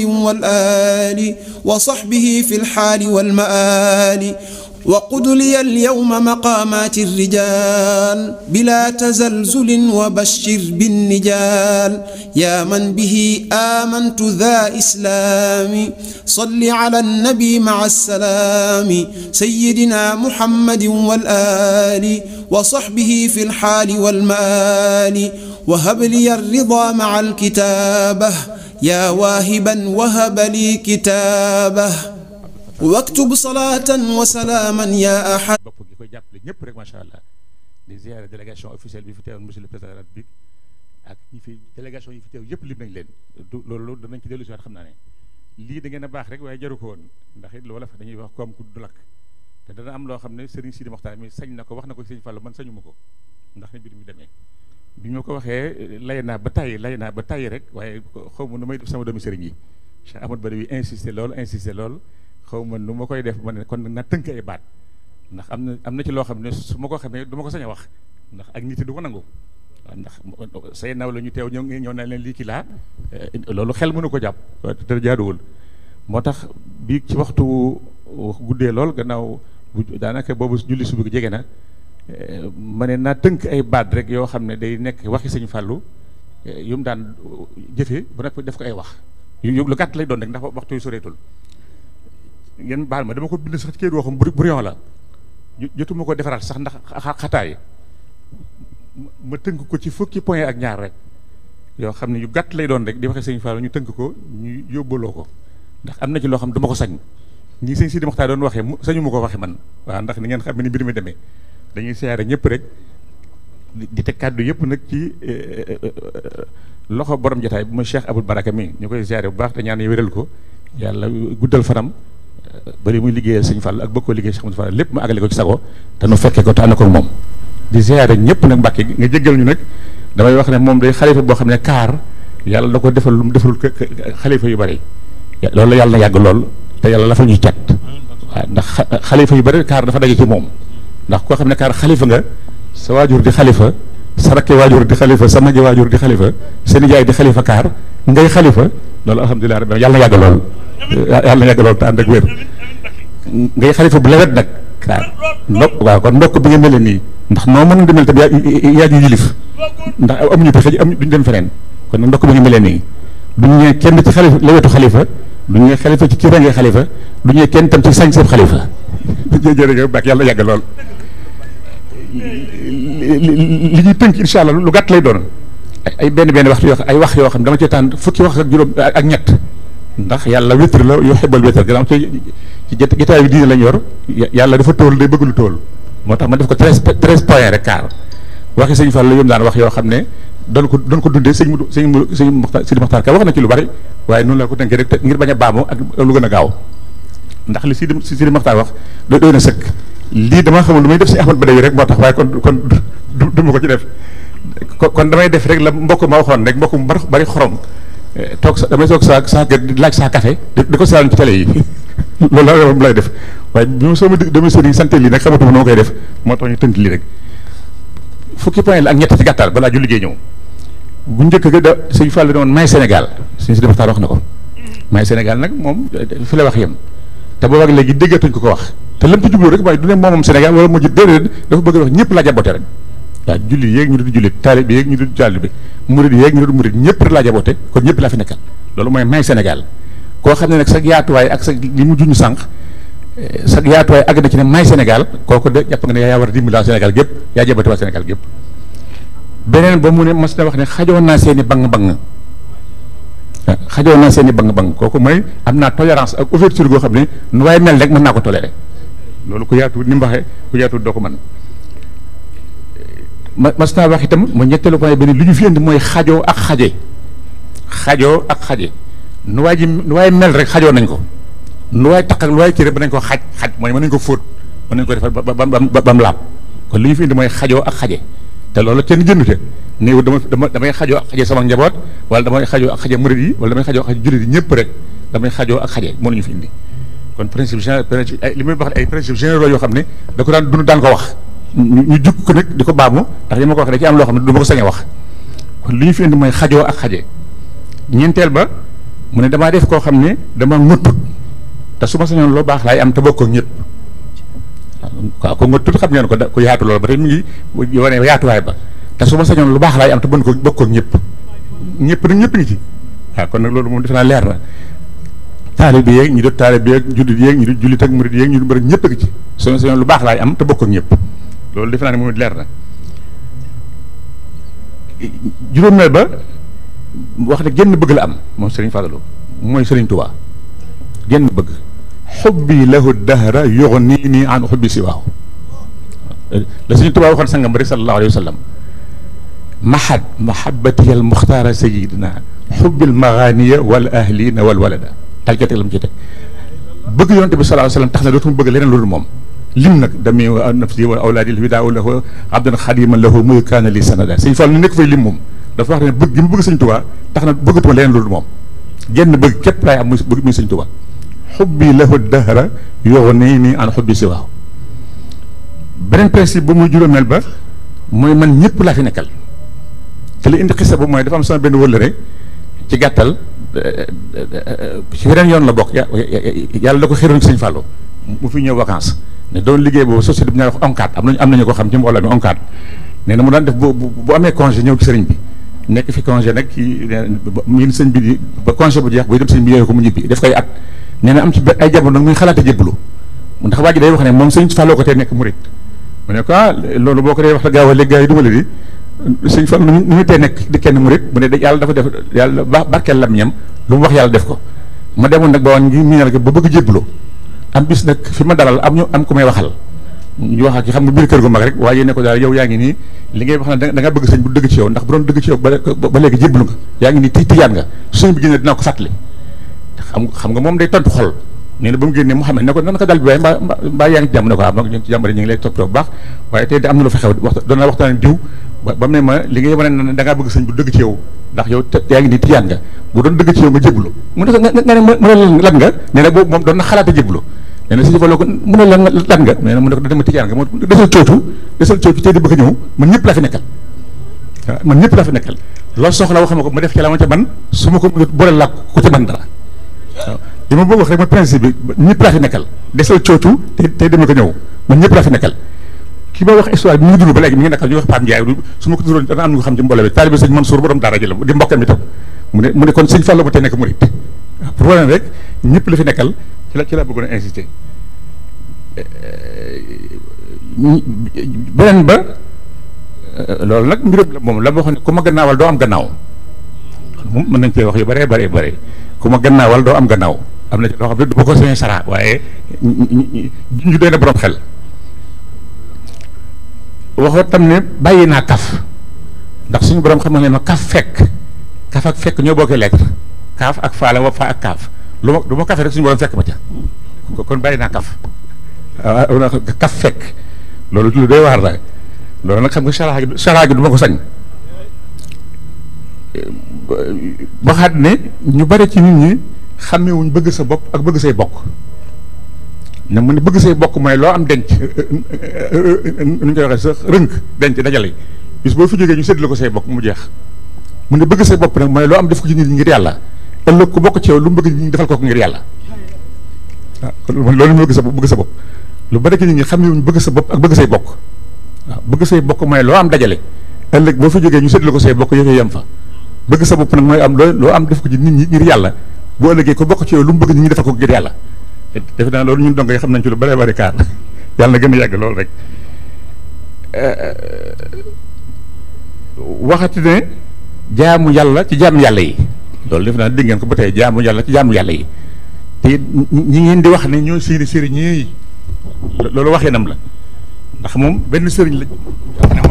والآل وصحبه في الحال والمآل وقد لي اليوم مقامات الرجال بلا تزلزل وبشر بالنجال يا من به آمنت ذا إسلام صل على النبي مع السلام سيدنا محمد والآل وصحبه في الحال والمآل وهب لي الرضا مع الكتابة yaa waahiban wahaba li kitaaba waktub salaatan wa salaaman yaa ahad bopp gi koy jàppale ñëpp rek macha allah di ziare délégation officielle bi fi teewoon monsieur le président de la République ak fi délégation yi fi teew yëpp lim nañ leen du loolu danañ ci dellu si xam naa ne lii da ngeen baax rek waaye jaru ko woon ndax it loola fa dañuy wax koom ku du lakk te dana am loo xam ne Serigne Sidi Moxtaar mi sañ na ko wax na ko Serigne Fallou man sañu ma ko ndax ne mbir mi demee bi ñu ko waxee lay naa ba tàyyi lay naa ba tàyyi rek waaye xaw ma nu may def sama doomi sëriñ yi Cheikh Ahmad Badawi insisté lool insisté lool xaw ma nu ma koy def ma ne kon na tënk ay baat ndax am na am na ci loo xam ne su ma ko xamee du ko sañ a wax ndax ak nit du ko nangu waaw ndax say naw la ñu teew ñoo ngi ñëw naa leen lii ki laa eh, loolu xel mënu ko jàpp te jaaduwul moo tax bi ci waxtu guddee lool gannaaw bu daanaka boobu julli subi jege na Eh, ma ne naa tënk ay baat rek yoo xam ne day nekk waxi sëñ Fallou eh, yu mu daan uh, jëfee bu nekk def ko ay wax yu yu lu gàtt lay doon rek ndax waxtu yu soreetul ngeen baal ma dama ko bind sax ci kayit waxam brouillon la jotuma ko defaraat sax ndax xataay ma tënk ko ci fukki point ak ñaar rek xam ne yu gàtt lay doon rek di waxee sëñ Fallou ñu tënk ko ñu yóbbaloo ko ndax am na ci loo xam ne duma ko sañ ñii sëñ Sidi Moxtaar doon waxee sañu ma ko waxee man waaw ndax ni ngeen xam ne ni mbir mi demee dañuy siyaare ñëpp rek di teg kàddu yëpp nag ci eh, eh, eh, loxo borom jotaay bu ma Cheikh Abul Baraka mii ñu koy siyaare bu baax te ñaan yi wéral ko yàlla guddal fanam bari muy liggéeyal sëñ Fall ak bëgg koo liggéey Cheikh Amadou Fall lépp mu àggale ko ci sago te nu fekkee ko te ànd ko moom di siyaare ñëpp nag Mbàkke nga jéggal ñu nag damay wax ne moom day xalifa boo xam ne kaar yàlla da ko defal lu mu defalul xalifa yu bari loolu yàlla na yàgg lool te yàlla la ñuy cat ndax xalifa yu bari kaar dafa daje ci moom ndax koo xam ne kaar xalifa nga sa waajur di xalifa sa rakki waajur di xalifa sa magi waajur di xalifa sa nijaay di xalifa kaar ngay xalifa loolu alhamdulilah rabbi yàlla na yàgg lool yàlla na yàgg lool te ak wér ngay xalifa bu lewet nag kaar ndokk kon ndokk bi nga mel nii ndax noo mën di mel tam yaa ñu yilif ndax amuñu pexe ji am duñu dem feneen kon nag ndokk bi nga mel nii duñu ñee kenn ci xalifa lewetu xalifa duñu ñee xalifa ci kirange xalifa duñu ñee kenn tam ci sañ sab xalifa jërëjëf baax yàlla yàgg lool li ñuy tënk incha allah lu gàtt lay doon ay benn benn waxtu yoo ay wax yoo xam dama cee tànn fukki wax ak juróom ak ñett ndax yàlla wétr la yoo xebal wétr gannaaw ci ci jotaay bi diine lañ yor yàlla dafa tool day bëgg lu tool moo tax ma def ko treize treize point rek kaar waxi sëñ Fall la yom daan wax yoo xam ne doon ko doon ko dundee sëñ mu sëñ mu sëñ Moxtaar Sidi Moxtaar Ka wax na ci lu bari waaye noonu la ko tënkee rek ngir bañ a baamu ak lu gën a gaaw ndax li Sidi Sidi Moxtaar wax doy na sëkk lii dama xamul lu may def si Ahmad Badawi rek moo tax waaye kon kon du ma ko ci def kon damay def rek la mbokk ma waxoon rek mbokk mu bari xorom eh, toog sa damay toog saa saa di laaj saa café di ko seetaan ci télé yi lay def waaye bi soo ma demee sëriñ sant lii nag xamatuma noo koy def moo ñu tënk lii rek fukki point la ak ñett ci gàttal balaa ju liggéey ñëw bu njëkk ga da sëñ Fallou ne woon may Sénégal sëñ si defaxtaan wax na ko may Sénégal nag moom fi la wax yem te boobaag léegi déggatuñ ko ko wax te lam ci jublu rek waaye du ne moomam Sénégal wala moo ci déedéet dafa bëgg wax ñëpp laa jaboote rek waaw julli yéeg ñu dul jullit taalib yéeg ñu dul taalib murid yéeg ñu dul murid ñëpp rek laa jaboote kon ñëpp laa fi loolu mooy may Sénégal koo xam ne nag sa yaatuwaay ak sa li mu juñu sànq eh, sa yaatuwaay àgg na ci ne may Sénégal kooku de jàpp nga ne yaa war a laa waa Sénégal gépp yaa jaboote waa Sénégal gépp beneen ba mu ne mas na wax ne xajoon naa seen i bang-bang ah, xajoon naa seen i bang-bang kooku mooy am naa tolérance ak ouverture xam ne nu mel rek mën naa ko toléré loolu ko yaatu ni mu waxee ku yaatu doo ko mën ma mas naa wax itam mu ñetteelu point bi lu ñu fi indi mooy xajoo ak xaje xajoo ak xaje nu waay ji nu waay mel rek xajoo nañ ko nu waay taq ak nu waay cëre ba nañ ko xaj xaj mooy mën nañ ko fóot mën nañ ko defar ba ba ba mu laab kon li ñu fi indi mooy xajoo ak xaje te loolu kenn jëndute néew dama dama damay xajoo ak xaje sama njaboot wala damay xajoo ak xaje murid yi wala damay xajoo ak xaje yi ñëpp rek damay xajoo ak xaje mënuñu fi indi kon principe général li may wax ay principe généraux yoo xam ne da ko daan dund daan ko wax ñu jukk ko nag di ko baamu ndax li ma ko wax da ci am loo xam ne du ma ko sañ a wax kon li ñu fi mooy xajoo ak xaje ñeenteel ba mu ne damaa def koo xam ne dama ŋëttut te su ma sañoon loo baax laay am te bokkoo ñëpp waaw ko xam ngeen ko da ko yaatu loolu ba tey mi ngi wane yaatuwaay ba te su ma sañoon baax laay am te bën ko bokkoo ñëpp ñëpp nag ñëpp ngi kon nag loolu moom defe naa leer na taalib bi yeeg ñu def taalib bi yeeg jullit yeeg ñu jullit ak murid yeeg ñu du mbër ñëpp ak ci soo seen lu baax laay am te bokk ak ñëpp loolu defe naa ne moom it leer na juróomeel ba wax ne genn bëgg la am moom Serigne Fallou mooy Serigne Touba genn bëgg xubbi lahu dahra yuxni nii an xubbi si waaw la Serigne Touba waxoon sangam rek sallallahu alayhi wa sallam mahad mahabati al muxtaara sayidina xubbil maganiya wal ahlina wal walada daal ci teg la mu ciy teg bëgg yonent bi sallallahu alayhi wa sallam tax na dootuma bëgg leneen loolu moom lim nag dami wa nafsi wa awlaadi lfi daa lahu abdan xadiman lahu muy kaana li sanada sëñ Fall ne nekk fay lim moom dafa wax ne bëgg gi mu bëgg sëñ Tuubaa tax na bëggatuma leneen loolu moom genn bëgg képp laay am muy bëgg muy sëñ Tuubaa xubbi lahu dahra yuxnii nii an xubbi si waaw beneen principe bu muy juróomeel ba mooy man ñëpp laa fi nekkal te li indi xisa ba mooy dafa am sama benn wëllëre ci gàttal ci beneen yoon la bokk yàlla da ko xiroon sëñ Fàllu mu fi ñëw vacance ne doon liggéey boobu société bi ñu wax ONCAD am nañu am nañu ko xam ci mbooloo mi ONCAD nee na mu daan def bu bu amee congé ñëw ci sëriñ bi nekk fi congé nag ci miin sëñ di ba congé bu jeex buy dem sëñ bi yooyu ko mu ñibbi def koy at nee na am ci ay jamono nag muy xalaate jébbalu ndax waa ji day wax ne moom sañ Fallou ko tey nekk murit mu ne ko ah loolu boo ko dee wax gaaw a léegi gars yi du la di sëñ Fallu nu mu tee nekk di kenn mu murit mu ne da yàlla dafa def yàlla barkeel lam ñam lu mu wax yàlla def ko ma demoon nag ba woon ba bëgg jébbaloo am bis nag fi ma dalal am ñu am ku may waxal ñu wax ak xam nga biir kër gu mag rek waaye ne ko yaa ngi nii li ngay wax ne da nga bëgg sëñ bu dëgg ci yow doon dëgg ci yow ba léegi jébbalu nga yaa ngi dina ko fàttali xam nga moom day tontu xol nee na ba mu génne mu xam ne ne ko nan ko dal bi waaye mbaa mbaa yaa ngi ci jàmm ne ko ah am na lu fa xew doon na waxtaan diw ba mu ne ma li ngay wane ne da ngaa bëgg sëñ bu dëgg ci yow ndax yow yaa ngi ni tiyaan nga bu doon dëgg ci yow nga jébbalu mu ne ko nga ne ne moom doon na xalaata jébbalu nee na sëñ Fallu ko mu ne lan lan nga nee na mu ne ko da dama nga moo desal cootu desal cootu tey di bëgg nekkal waaw soxla wax ko ma def ci la ma man su ma ko boole laa ko ca man ma bëgg wax rek ma bi ñëpp laa fi nekkal desal cootu tey tey dama ko ñëw man ñëpp laa fi nekkal ki may wax histoire bi mu ngi ñu wax Pape Ndiaye su ma ko duroon dana am ñu xam ci mbooloo bi taalibe sëñ Mansour borom mu ne mu ne kon sëñ Fallou ma tey nekk murid waaw pour wane ñëpp la fi nekkal la ci la bëggoon a insister beneen ba loolu nag mbiram la moom la ma waxoon ne ku ma gannaawal doo am gannaaw moom mën nañ cee wax yu bëree bëree bëri ku ma gannaawal doo am gannaaw am na ci loo xam ne du ma sara waaye ñu doy na borom xel waxoo tam ne bàyyi naa kaf ndax suñu borom xamal ne ma kaf fekk kaf ak fekk ñoo bokkee lettre kaaf ak faala wa fa ak kaaf lu ma lu ma kafee rek suñu borom fekk ma ca kon bàyyi naa kaf ah, ah, ah, kaf fekk loolu lu doy waar la loolu nag xam nga saraa gi saraa gi du ma ko sañ waxaat ne ñu bare ci nit ñi xàmmewuñ bëgg sa bopp ak bëgg say bokk na mu ne bëgg say bokk mooy loo am denc euh, euh, euh, nu ñu koy waxee sax rënk dajale bis boo fi jógee ñu séddale ko say bokk mu jeex mu ne bëgg sa bopp nag mooy loo am def ko ci nit ñi ngir yàlla ëllëg ku bokk ci lu mu ñu defal ko ngir yàlla ah loolu mooy bëgg sa bëgg sa bopp lu bari ki nit ñi xam ne bëgg sa bopp ak bëgg say bokk waaw ah, bëgg bokk mooy loo am dajale ëllëg boo fi jógee ñu séddale ko say bokk yëf yem fa bëgg sa bopp nag mooy am loo loo am def ko ci nit ñi ngir yàlla boo ëllëgee ku bokk ci yow lu mu bëgg ñu defal ko ngir yàlla defe naa loolu ñun dongo yi xam nañ ci lu bëree bëri kaar yàlla na gën a yàgg loolu rek eh, waxati ne jaamu yàlla ci jaamu yàlla yi loolu defe naa dégg ko ba tey jaamu yàlla ci jaamu yàlla yi te ñi ngeen di wax ne ñoo sëriñ sëriñ ñii loolu waxinam la ndax moom benn sëriñ la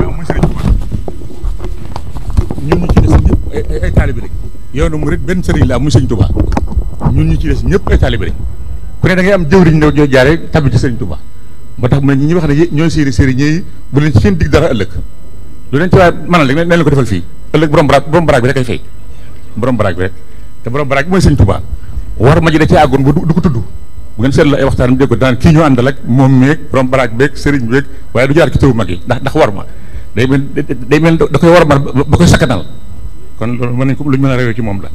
mooy sëriñ ñun ñu rek benn sëriñ la am muy sëriñ Tuubaa ñun ñu ci des ñëpp ay taalibe rek ku ne da ngay am jëwriñ ñoo jaare tabbi ci sëriñ Touba ba tax mu ne ñi wax ne ñooy séeri séeri ñii bu leen ci seen dig dara ëllëg lu leen ci waaye maanaam léegi nañ la ko defal fii ëllëg borom baraag borom baraag bi rek ay fay borom baraag bi rek te borom baraag bi mooy sëriñ Touba war ma ji da cee àggoon bu du ko tudd bu ngeen seetlu ay waxtaan dégg ko daan kii ñoo àndal ak moom meeg borom baraag beeg sëriñ beeg waaye du jaar ci tëw mag yi ndax ndax war ma day day mel da koy war ma ba koy sakkanal kon loolu mën nañ ko lu ñu a réew ci moom la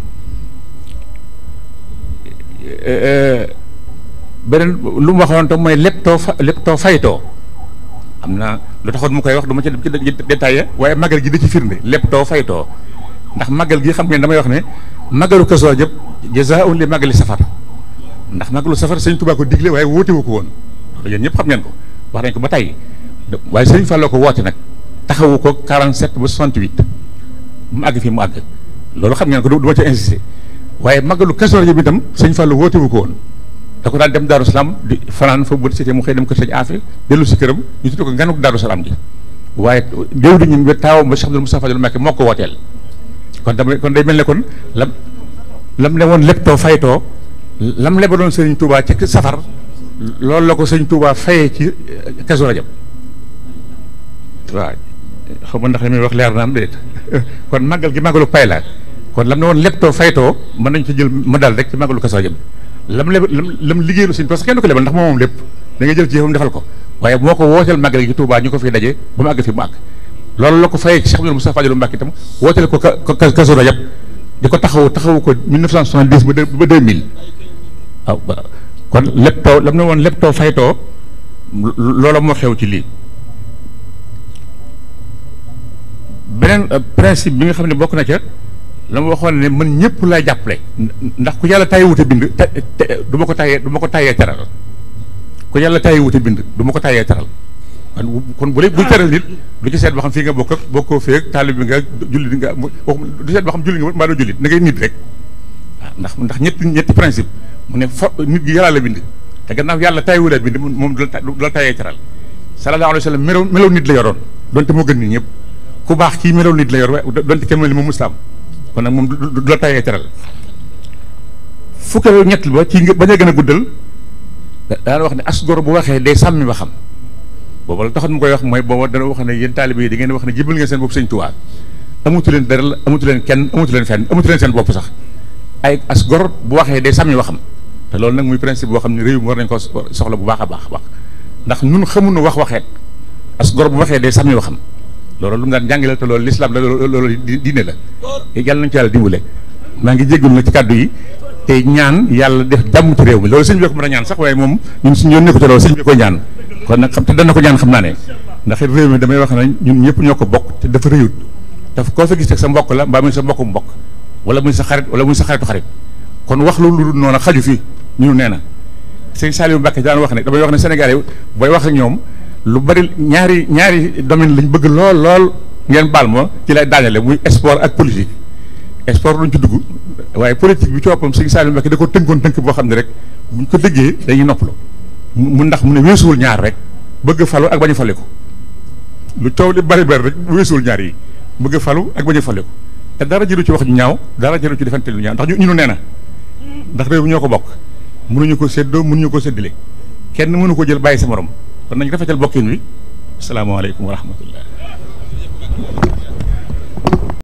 eh, eh, beneen lu mu waxoon tam mooy lépp too fa lépp too faytoo am na lu taxoon mu koy wax du ma ci ci détaillé waaye magal gi da ci firnde lépp too faytoo ndax magal gi xam ngeen damay wax ne magalu Kazu Rajab jazaa'un li magali safar ndax magalu safar sëñ Tuubaa ko digle waaye woote wu ko woon yéen ñëpp xam ngeen ko wax nañ ko ba tey waaye sëñ Fallou ko woote nag taxawu ko 47 ba 68 mu àgg fi mu àgg loolu xam ngeen ko du ma ci insisté waaye magalu Kazu Rajab itam sëñ Fallou wootewu ko woon. da ko daan dem Daaru Salaam di fanaan fa bu seetee mu xëy dem kër sëñ Afe dellu si këram ñu tuddee ko nganuk Daaru Salaam gi waaye déw di ñun ba taawam ba Cheikh Abdoul Moustapha Fadilou ko wooteel kon dama kon day mel ne kon lam lam ne woon lépp lam leba doon sëriñ Touba ci safar loolu la ko sëñ Touba ci eh, Kazu Rajab waaw nga ndax li muy wax leer na am kon màggal gi màggalu pay laa kon lam ne woon lépp too faytoo mën nañ ci jël ma daal rek ci màggalu Kazu lam la lam lam liggéeyal sëñ parce que kenn du ko lebal ndax moom lépp da ngay jël ci defal ko waaye moo ko wooteel màggal gi ci Touba ñu ko fi daje ba mu àgg fi mu àgg loolu la ko fayee Cheikh sa Moustapha Fadilu Mbàkke itam wooteel ko ka Kazu Rajab di ko taxaw taxaw ko 1970 ba 2000 waaw kon lépp too lam ne woon lépp too faytoo loola moo xew ci lii beneen euh, principe bi nga xam ne bokk na ca la ma waxoon ne man ñëpp laay jàppale ndax ku yàlla tayyewut a bind du ma ko tayyee du ko tayyee teral ku yàlla tayyewut bind du ma ko tayyee teral kon bu lay buy teral nit du ci seet ba xam fii nga bokk ak bokkoo fee ak bi nga jullit nga du seet ba xam jullit nga mbaa doo jullit na ngay nit rek waaw ndax ndax ñetti ñetti principe mu ne fo nit gi yàlla la bind te gannaaw yàlla tayyewut a bind moom du la tayyee teral sallallahu alayhi wa sallam melow melow nit la yoroon donte moo gën nit ñëpp ku baax kii melow la yor donte kenn mel ni moom muslaam kon nag moom du la tayee teral fukkee ñett ba ci bañ a gën a guddal daana wax ne as gor bu waxee day sàmmi ba xam booba la taxoon mu koy wax mooy booba dana wax ne yéen taalibe yi da ngeen wax ne jébal ngeen seen bopp sëñ Tuubaa amatu leen dara la amatu leen kenn amatu leen fenn amatu leen seen bopp sax ay as gor bu waxee day sàmmi waxam te loolu nag muy principe boo xam ne réew mi war nañ ko soxla bu baax a baax a baax ndax ñun xamuñu wax waxeet as gor bu waxee day sàmmi waxam loolu lu mu daan jàngale te loolu lislaam la loolu diine la yàlla nañu ci yàlla dimbale maa ngi jéggul na ci kàddu yi te ñaan yàlla def jàmm ci réew mi loolu sëñ bi ko mën a ñaan sax waaye moom ñun si yoon nekku ci loolu sëñ bi ko ñaan kon nag xam te dana ko ñaan xam naa ne ndax réew mi damay wax ne ñun ñëpp ñoo ko bokk te dafa rëyut daf koo fa sa mbokk la mbaam muy sa mbokkum mbokk wala muy sa xarit wala mu sa xaritu xarit kon wax lu dul noonu xaju fii ñunu nee na sëñ Saliou Mbacke daan wax ne damay wax ne Sénégal yi booy wax ak ñoom lu bari ñaari ñaari domaine lañ bëgg lool lool ngeen baal ma ci lay daanale muy sport ak politique sport luñ ci dugg waaye politique bi ci woppam sëñ Saliou Mbacké da ko tënkoon tënk boo xam ne rek buñ ko déggee dañuy noppalu mu ndax mu ne weesuwul ñaar rek bëgg falu ak bañ fale ko lu coow li bari bari rek weesuwul yi bëgg falu ak bañ a te dara jëlu ci wax ju ñaaw dara jëlu ci defante lu ñaaw ndax ñu ñu nee na ndax réew ñoo ko bokk mënuñu ko séddoo mënuñu ko séddale kenn mënu ko jël bàyyi sa morom kon nañ rafetal bokkin wi asalaamaaleykum wa rahmatullah